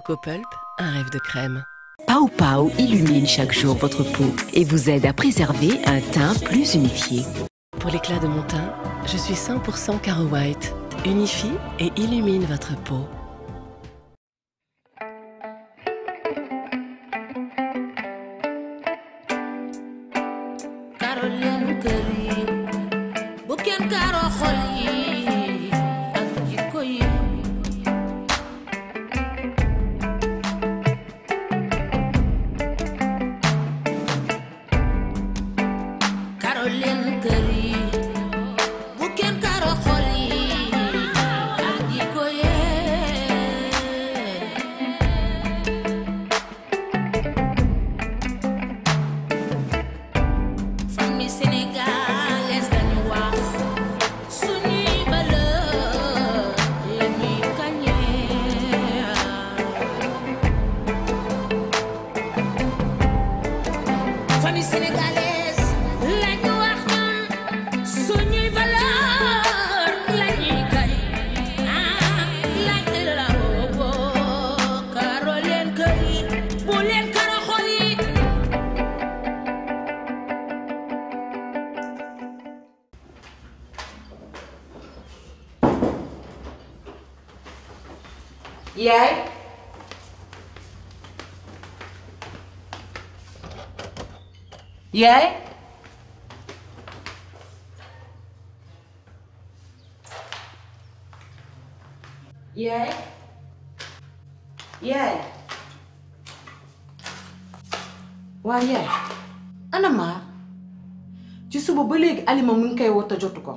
Coco Pulp, un rêve de crème. Pau Pau illumine chaque jour votre peau et vous aide à préserver un teint plus unifié. Pour l'éclat de mon teint, je suis 100% Caro White. Unifie et illumine votre peau. Jij? Jij? Jij? waaw yaay ana ci suba ba léegi alima mu ngi koy woo te jotu ko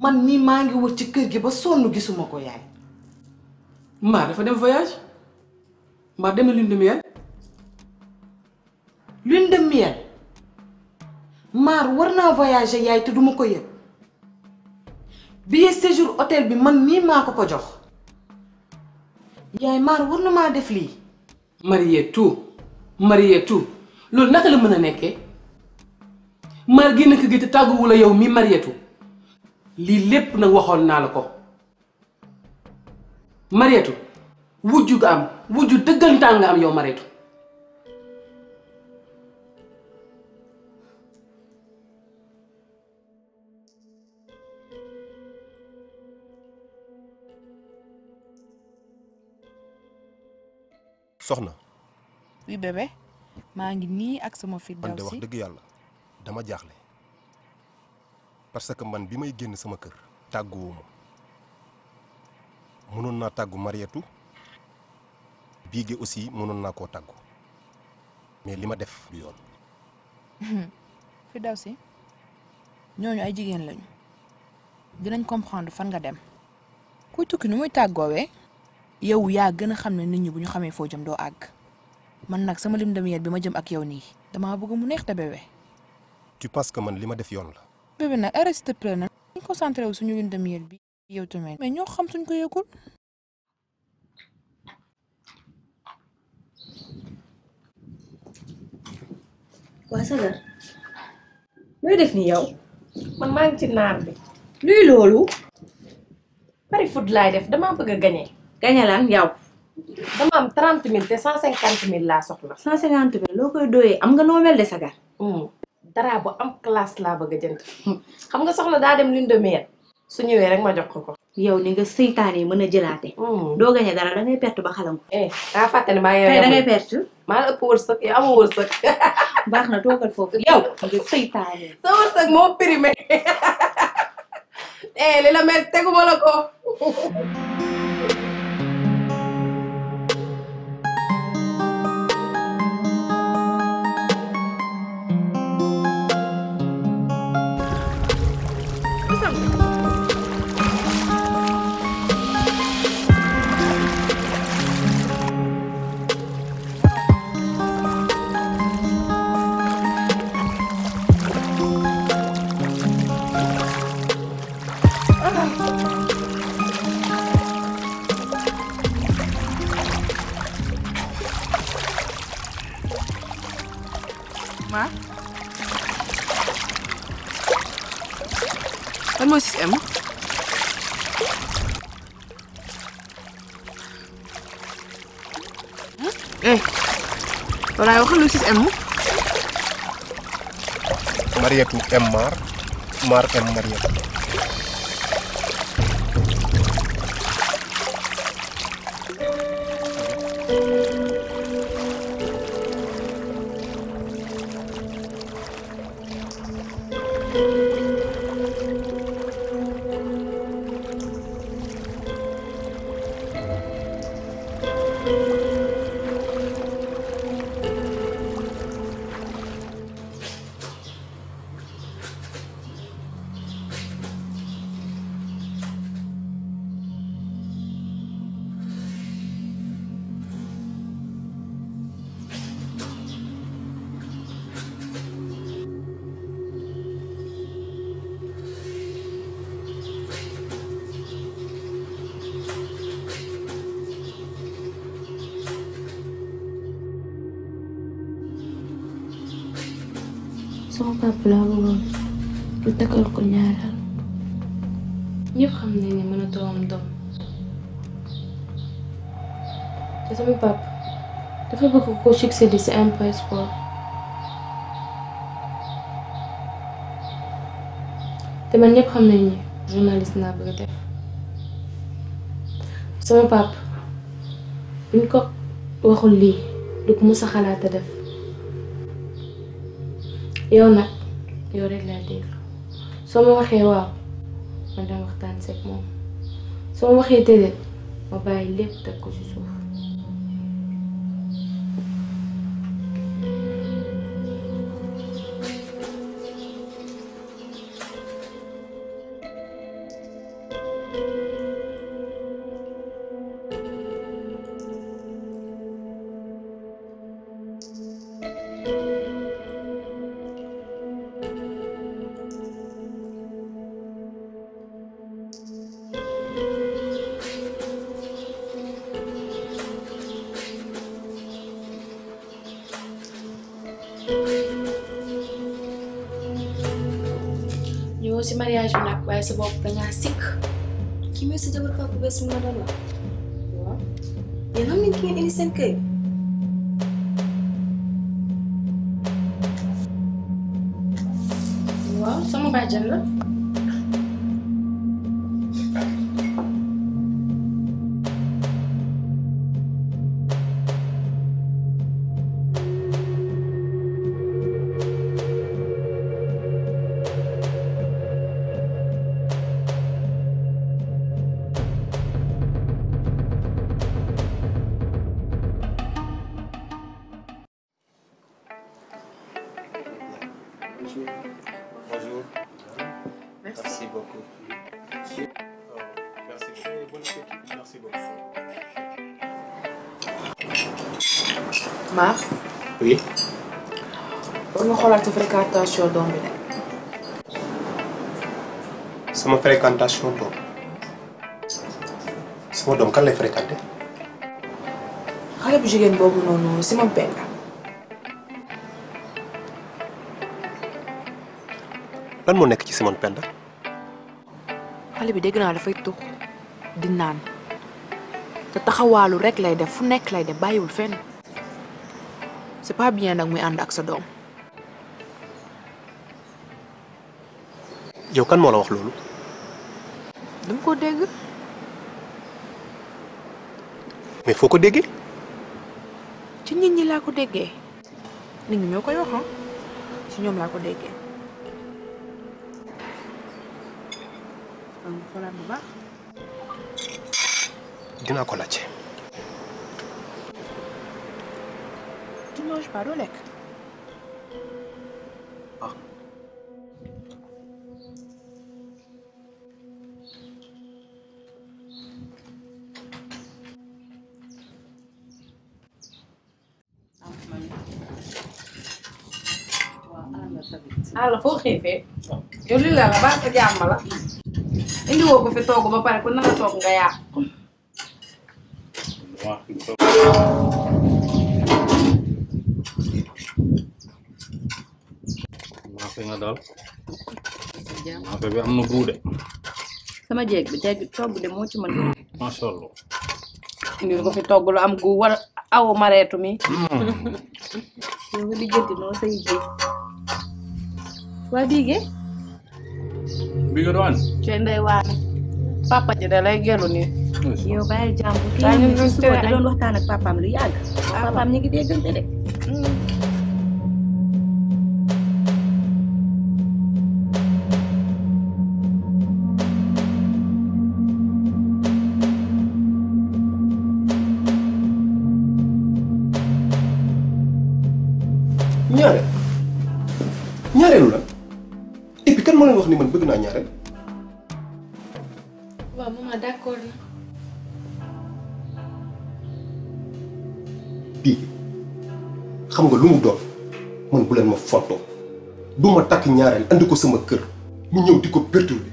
man ni maa ngi wër ci kër gi ba sonn gisuma ko yaay maa dafa dem voyage maa dem na lune de miel maar war naa voyager yaay te ma ko yëg billet séjour hôtel bi man mii maa ko ko jox yaay maar war na maa def lii Marietou Marietou loolu naka la mën a nekkee maar génn kër gi te tàgguwu la yow mi Marietou lii lépp nag waxoon naa la ko Marietou wujju nga am wujju dëggantaan nga am yow Marietou soxna. oui bébé maa ngi nii ak sama fit si man de wax dëgg yàlla dama jaaxle parce que man bi may génn sama kër tàgguwuma mënoon naa tàggu Marietu Bigué aussi mënoon naa koo tàggu mais li ma def du yoon. fi si ñooñu ay jigéen lañu dinañ comprendre fan nga dem. kuy tukki nu muy tàggoowee. yow yaa gën a xam ne nit ñi bu ñu xamee foo jëm doo àgg man nag sama lim dem yeen bi ma jëm ak yow nii damaa bëgg mu neex te bébé. tu penses que man li ma def yoon la. bébé nag arrête s'il te nag. ñu concentré wu suñu lim dem bi yow tamit. mais ñoo xam suñ ko yëgul. waa Sagar looy def ni yow man maa ngi ci naar bi luy loolu pari foot laay def damaa bëgg a gañe gañe lan yow. dama am trente mille te cent cinquante mille la soxla. cent cinquante mille loo koy doyee am nga noo mel de sagar. Hmm. dara bu am classe laa bëgg a jënd. xam nga soxla daa dem lune de su ñëwee rek ma jox ko ko. yow ni nga seytaane mën a jëlaate. Hmm. doo gañe dara da perte ba xalangu. eh daa fàtte ne maa ngi lay maa la ëpp wërsëg yow na nga seytaane. sa wërsëg moo primé. eh li la mel USM. Hmm? Eh, walaay waxal Emu Maria Mariatu M eh, Mar, Mar M Mariatu. Mon papa laa bëggoon ñu je suis un peu plus de doom mon sama papa dafa bëgg ko succéder ci Empire Sport te journaliste naa bëgg de def sama papa buñ ko waxul lii du ko yow nag yow rek laa déglu soo ma waxee waaw ma dem waxtaan seeg moom soo ma waxee déedéet ma bàyyi lépp teg ko ci suuf. Mr. Madonna. What? You're not making an innocent cake. Wow, someone by gender? fréquentation doom bi de. sama fréquentation doom sama doom kan lay fréquenté. xale bu jigéen boobu noonu nekk ci Simon Penda. xale bi dégg naa dafay tux di naan te taxawaalu rek lay def fu nekk lay def bàyyiwul fenn c'est pas bien nag muy ànd ak sa doom. yow kan moo la wax loolu. dama koo dégg. mais foo ko déggee. ci nit ñi laa ko déggee. nit ñi ñoo koy wax ah. ci ñoom laa ko déggee. donc xoolaat bu baax. dinaa ko laajte. tu àll foo xiifee yow la la baax sa jàmm indi woo fi togg ba pare ku nanga toog nga yàq nga eh. bi sama jeeg bi teg togg de moo ci mën masha allah indil ko fi togg lu am gu war mi mm. yow nga lijjanti noo say What big eh? Bigger one. Papa jeda lagi lu nih. Yo bay jam buki. Tanya kan hmm. lu tuh ada lu tanak papa lu ya. Papa mnya gitu ya gitu deh. Nyare. Nyare lu lah ma leen wax ni man bëgg naa ñaareel. waaw maman d'accord na. bii xam nga lu mu doon man bu leen ma fontoo du ma takk ñaareel sama kër mu ñëw di ko perturber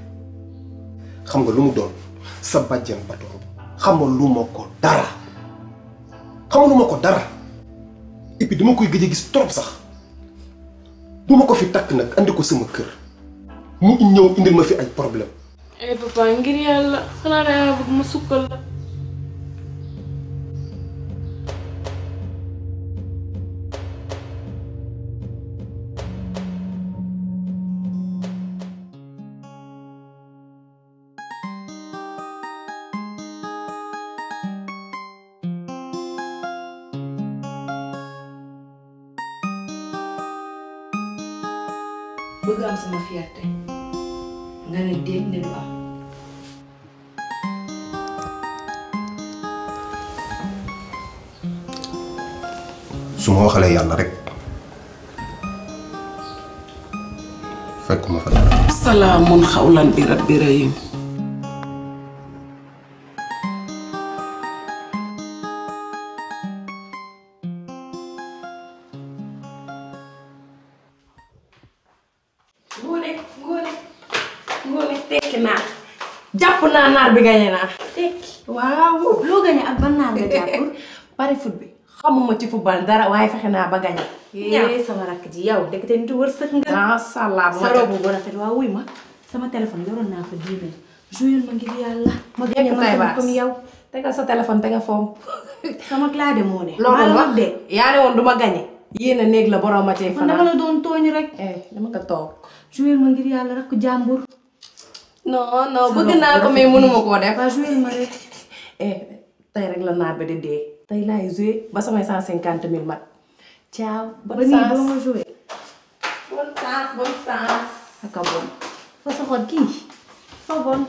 xam nga lu mu doon sa bàjjen batoon xamalu ma ko dara xamalu ma ko dara et puis dama koy gëj a gis trop sax du ma ko fi takk nag andi ko sama kër mu ñew indil ma fi ay problème ay eh, papa ngir yalla xana ra bëgg ma sukkal la bëgg am sama fierté nan نديه للبحر su ma waxalee yàlla rek fekkuma fa dara salaamun xawlan bi rabbi rahim ne tekki naa jàpp naa naar bi gañe naa. tekki waaw loo gañe ak ban naar nga Iya, xamuma ci football dara ba sama rak ji yow dëgg te nga. allah sa robu bu rafet wuy ma sama téléphone yoroon naa fa dix mille ma ngir yàlla. ma gañe ma comme yow. tegal sa téléphone te nga Iya, sama clade moo ne. loolu wax de yaa ne woon du ma gañe. la borom man dama la doon rek. dama ma ngir non non bëgg naa ko mais mënuma koo def. waa ah, joué ma rek. Eh, tey rek la naar ba di dee. tey laay joué ba samay cent cinquante mille mat. ciao. ba nii doo ma joué. bonne chance bonne chance. ak a bon. fa soxoon kii. fa bon.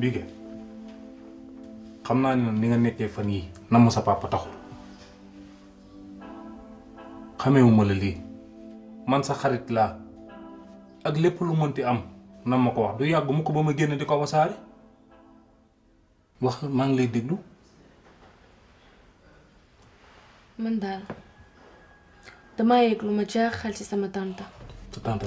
Mbige xam naa ne ni nga nekkee fan yi namm sa papa taxul xamewuma la man sa xarit la ak lépp lu mënti am na ya ma ko wax du yàgg ko di ko wasaare wax maa ngi lay déglu man daal sama tante tante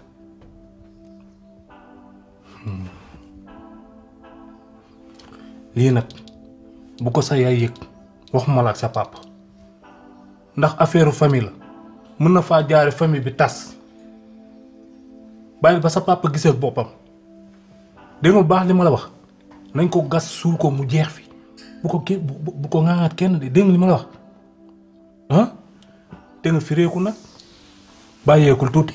Hmm. lii nag bu ko sa yaay yëg waxuma la ak sa papa ndax affaire famille la mën na faa jaare famille bi tas bàyyil ba sa papa gisee boppam dégg nga baax li ma la wax nañ ko gas suul ko mu jeex fi bu ko kenn bu ko ŋaaŋaat kenn de dégg li ma la wax ah te nga fireeku nag bàyyeekul tuuti.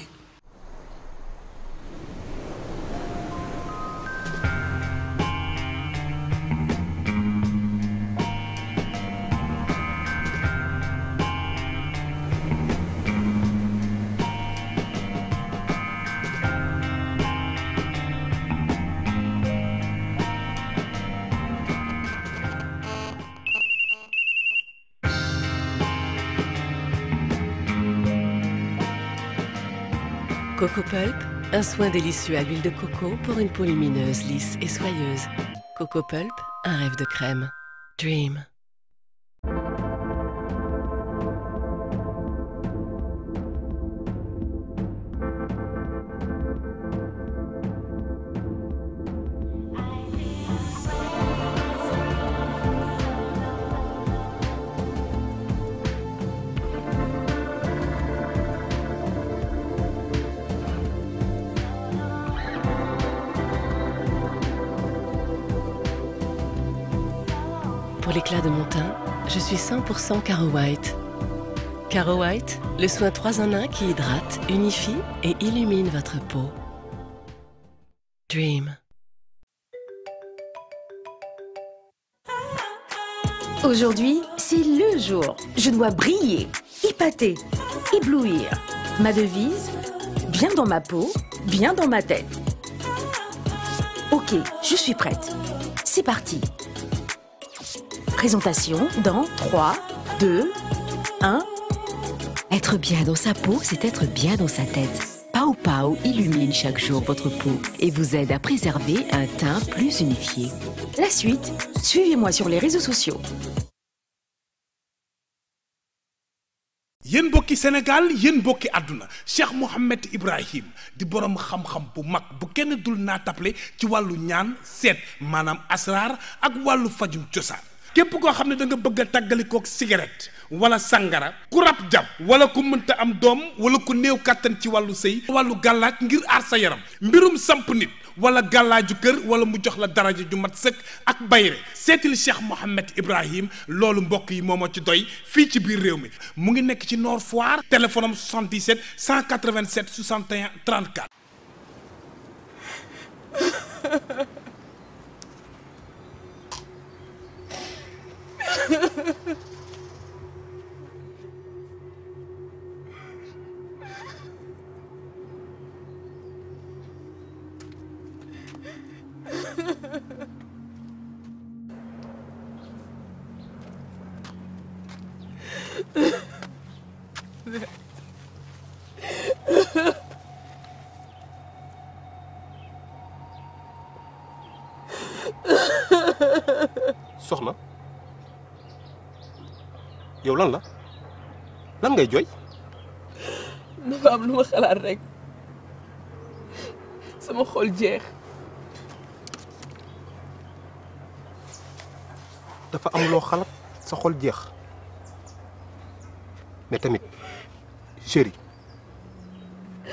Coco Pulp, un soin délicieux à l'huile de coco pour une peau lumineuse, lisse et soyeuse. Coco Pulp, un rêve de crème. Dream. 100% Caro White. White, le soin 3 en 1 qui hydrate, unifie et illumine votre peau. Dream. Aujourd'hui, c'est le jour. Je dois briller, épater, éblouir. Ma devise Bien dans ma peau, bien dans ma tête. Ok, je suis prête. C'est parti présentation dans 3, 2, 1. Être bien dans sa peau, c'est être bien dans sa tête. Pau Pao illumine chaque jour votre peau et vous aide à préserver un teint plus unifié. La suite, suivez-moi sur les réseaux sociaux. Sénégal Cheikh Ibrahim di borom xam-xam bu bu kenn dul ci képp koo xam ne da nga bëgg a tàggalikook cigarette wala sàngara ku rab jàpp wala ku mënta am doom wala ku néew kàttan ci wàllu sëy wàllu gàllaaj ngir aar sa yaram mbirum samp nit wala gàllaaju kër wala mu jox la daraja ju mat sëkk ak bayre seetil Cheikh Mouhamed Ibrahim loolu mbokk yi moo ma ci doy fii ci biir réew mi mu ngi nekk ci Nord Foire téléphone am 77 187 61 34 soxna يو لان لا لان غاي جوي دافا ام لوما خلات ريك سما خول جيخ دافا ام لو خلات سا خول جيخ مي تاميت شيري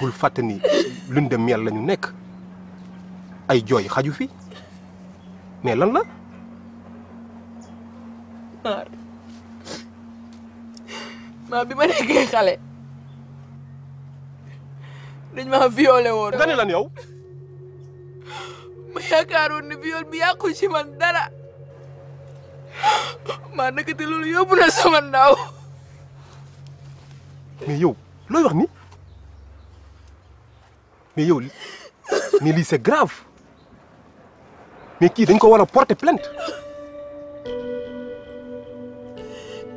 بول فاتني لوند ميال لا نيو نيك اي جوي خاجو في مي لان لا ma bi ma nekkee xale dañ ma violé woon. nga ne lan yow. ma yaakaaroon ne viol bi yàqu ci man dara maa nekkati loolu yóbbu na sama ndaw. mais yow looy wax ni mais yow mais lii c'est grave kii dañ ko war a porter plainte.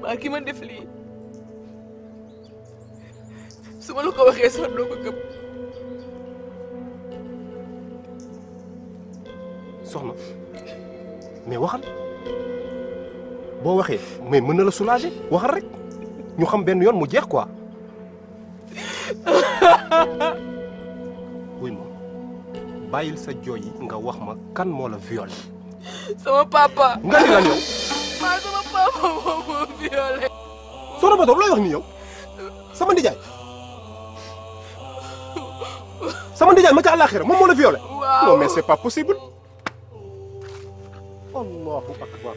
maa ki ma def lii. Semua lu kawak esor do ko gëm soxna mais waxal mau waxee mais mën na la soulager waxal rek ñu xam benn yoon mu jeex quoi wuy ma bàyyil sa jooy yi nga wax ma kan moo la sama papa nga ni lan sama papa mau moo violé sama Bador looy wax ni yow sama ndijaay sama dia ma ca alaxira moom moo la violé non mais c'est pas allahu akbar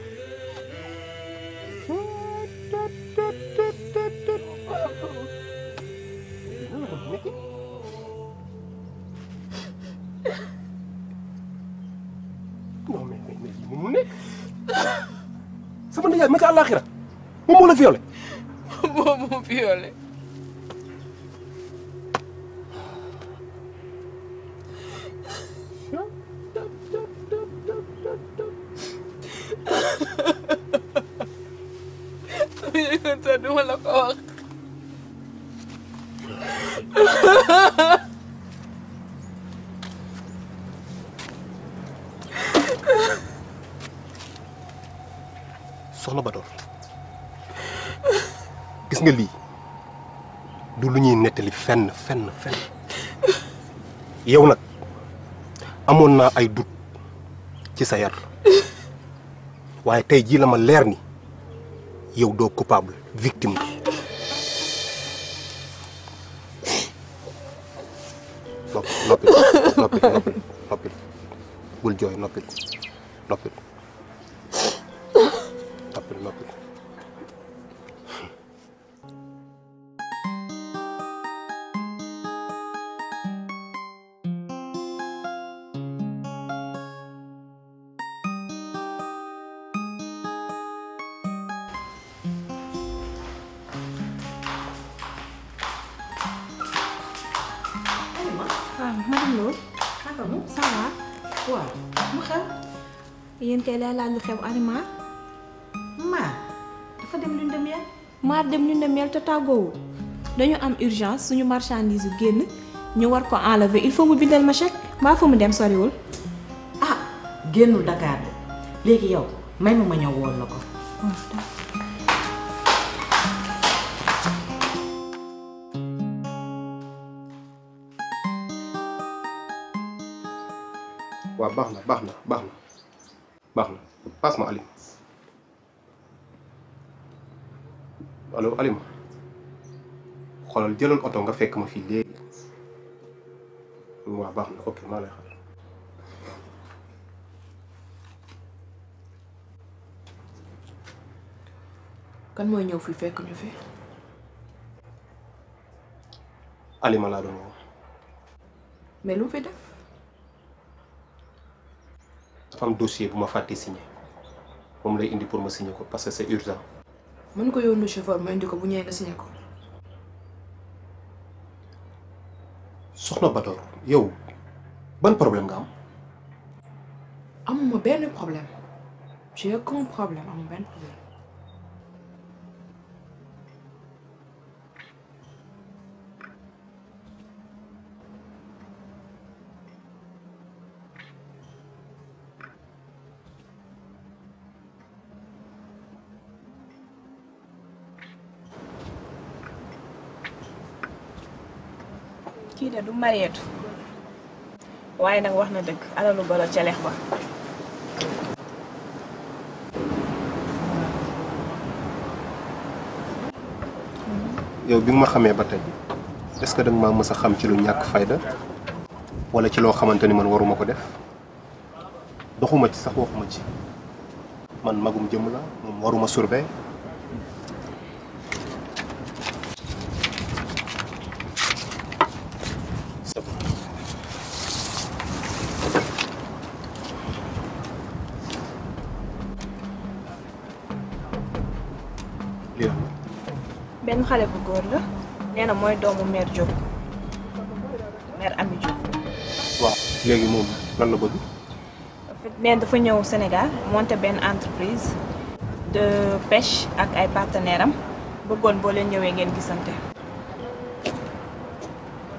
sama ndijaay ma mau fenn fenn fenn yow nag amoon na ay doute ci sa yar waaye tey jii la ma leer ni yow doo coupable victime bi noppil noppil noppil noppil bul jooy noppil noppil xew animal maar dafa dem lune de miel dem lune de te tàggoowul dañu am urgence suñu marchandise yu génn ñu war ko enlever il faut mu bindal ma chèque mbaa fa mu dem soriwul ah génnul Dakar de léegi yow may ma ma ñëw woon la ko passe moi allez allo Alima Je jëlal oto nga fekk ma comme un ok lay Quand kan fekk ñu fi Alima mais lu dossier pour ma faire signé moom lay indi pour ma signer ko parce que c'est urgent. mën ko yónni chauffeur ma indi ko bu ñëwee nga signer ko. soxna Batoor yow ban problème nga am. amuma benn problème j'ai aucun problème amuma benn problème. kii de du mareetu waaye nag wax na dëgg alalu golo ca lex ba yow bi ma xamee ba tey est-ce que danga maa mës a xam ci lu ñàkk fayda walla ci loo xamante ni man waruma ko def doxuma ci sax waxuma ci man magum jëm la moom waruma surveiller benn xale bu góor la nee na mooy doomu mère Diop mère Ami Diop. waaw léegi moom lan la bëgg. nee dafa ñëw Sénégal monter benn entreprise de pêche ak ay partenaires am bëggoon boo leen ñëwee ngeen gisante.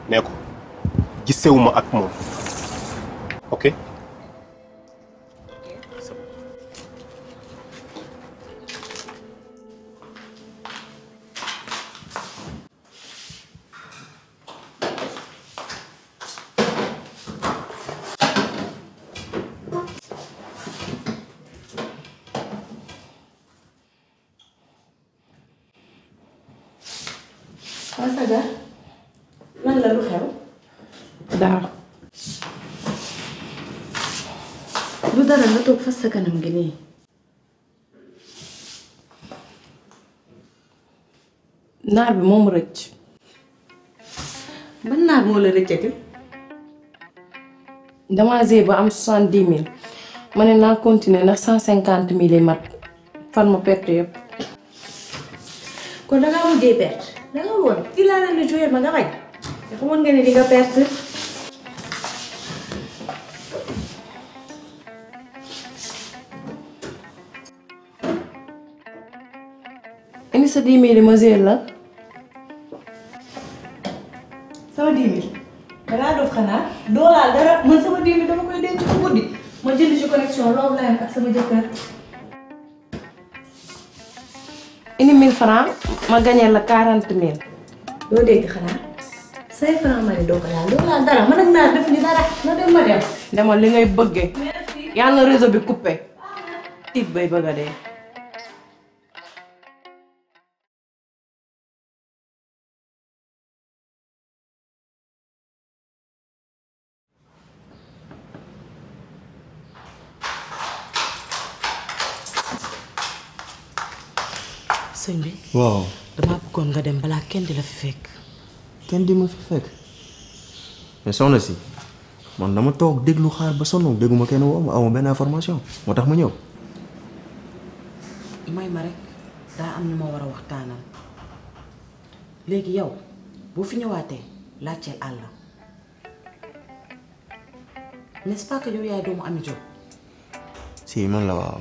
nee ko gisewuma ak moom ok. waaw Sagar la lu xew. daaw. lu dara nga toog fas sa kanam gi nii. naar bi moom rëcc. ban naar moo la rëccati. dama zee ba am soixante dix mille ma ne naa continuer ndax cent cinquante mil yi mat fan ma perte yëpp. kon da mujjee perte. da nga woon fii laa leen di ma nga bañ te xamoon nga ne di nga perte. Eh. indi sa dix mille ma joué ah. la. sama dix mille. danaa dof xanaa doo laal dara man sama dix mille dama koy denc ko guddi ma jënd ci connexion loolu laa ak sama jëkkër. indi 1000 francs ma gagné la 40 000. doo dégg xanaa 5 francs ma ne doo ko laal doo laal dara man ak naa def ni dara na dem ma dem. demal li ngay bëggee. yàlla réseau bi coupé. tiit bay bëgg a dee. waaw damaa bëggoon nga dem balaa kenn di la fi fekk kenn di ma fi fekk mais soxna si man dama toog déglu xaar ba sonn dégguma kenn woo ma awma benn information moo tax ma ñëw may ma rek daa am ñu ma war a waxtaanal léegi yow boo fi ñëwaatee laajteel àll n'est-ce pas que yaay doomu Ami Diop si man la waaw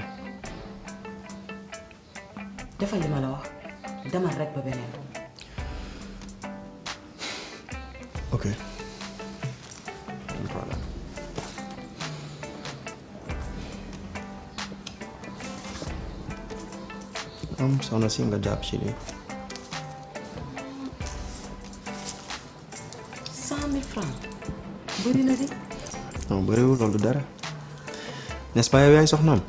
defal li ma la wax demal rek ba beneen ok am soxna si nga jàpp ci lii cent mille francs bëri na de non bëriwul loolu du dara n'est-ce pas Ah, yaay soxnaam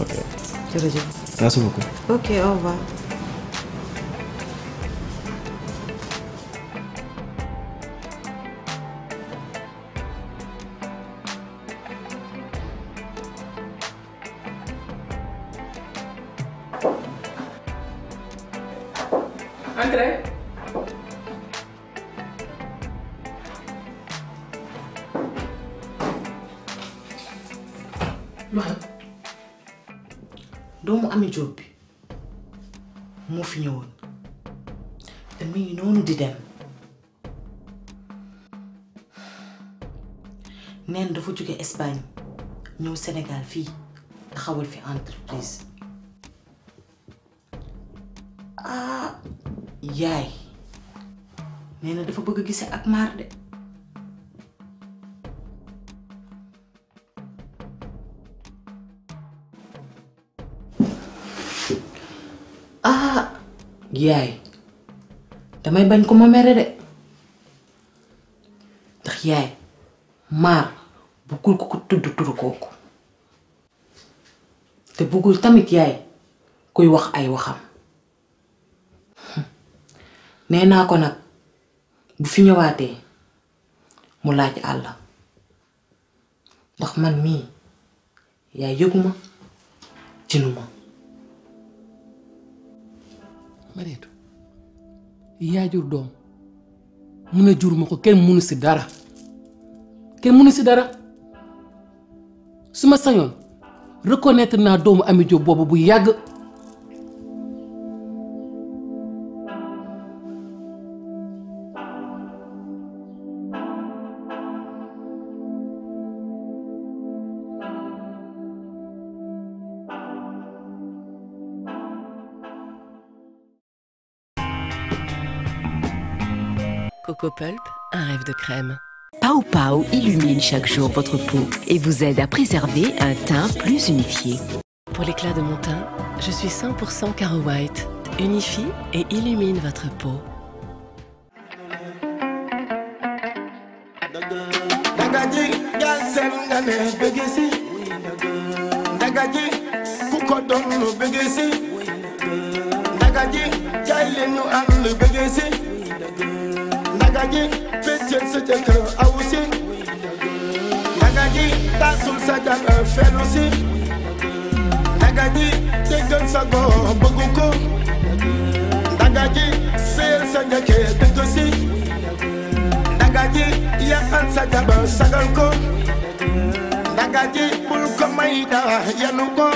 Ok. jërëjëf. merci beaucoup. ok au revoir. André. doomu Ami Jóob bi moo fi ñëwoon te mi ngi noonu di dem neen dafa jóge Espagne ñëw Sénégal fii taxawal fi entreprise ah yaay nee na dafa bëgg a gise ak maar de yaay damay bañ ko ma mere de ndax yaay maar bëggul ko ko tudd turu kooku te bëggul tamit yaay kuy wax ay waxam nee naa ko nag bu fi ñëwaatee mu laaj àll ndax man mii yaay yëguma cinuma bareetu yaa jur doom mun a jur ma ko kenn mënu si dara kenn mënu si dara su ma sañoon reconnaître naa doomu Ami Diop boobu bu yàgg un rêve de crème. Pau Pau illumine chaque jour votre peau et vous aide à préserver un teint plus unifié. Pour l'éclat de mon teint, je suis 100% Caro White. Unifie et illumine votre peau. nagagi pétier c'était un aussi nagagi tasum saja un fel aussi nagagi déggal sa góor bëggu ko nagagi seer sa njëkke dëgg si nagagi yaxal sa jabar sagal ko nagagi bul ko may dara yanu ko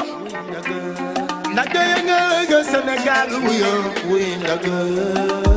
nagay nga nga Sénégal wuyo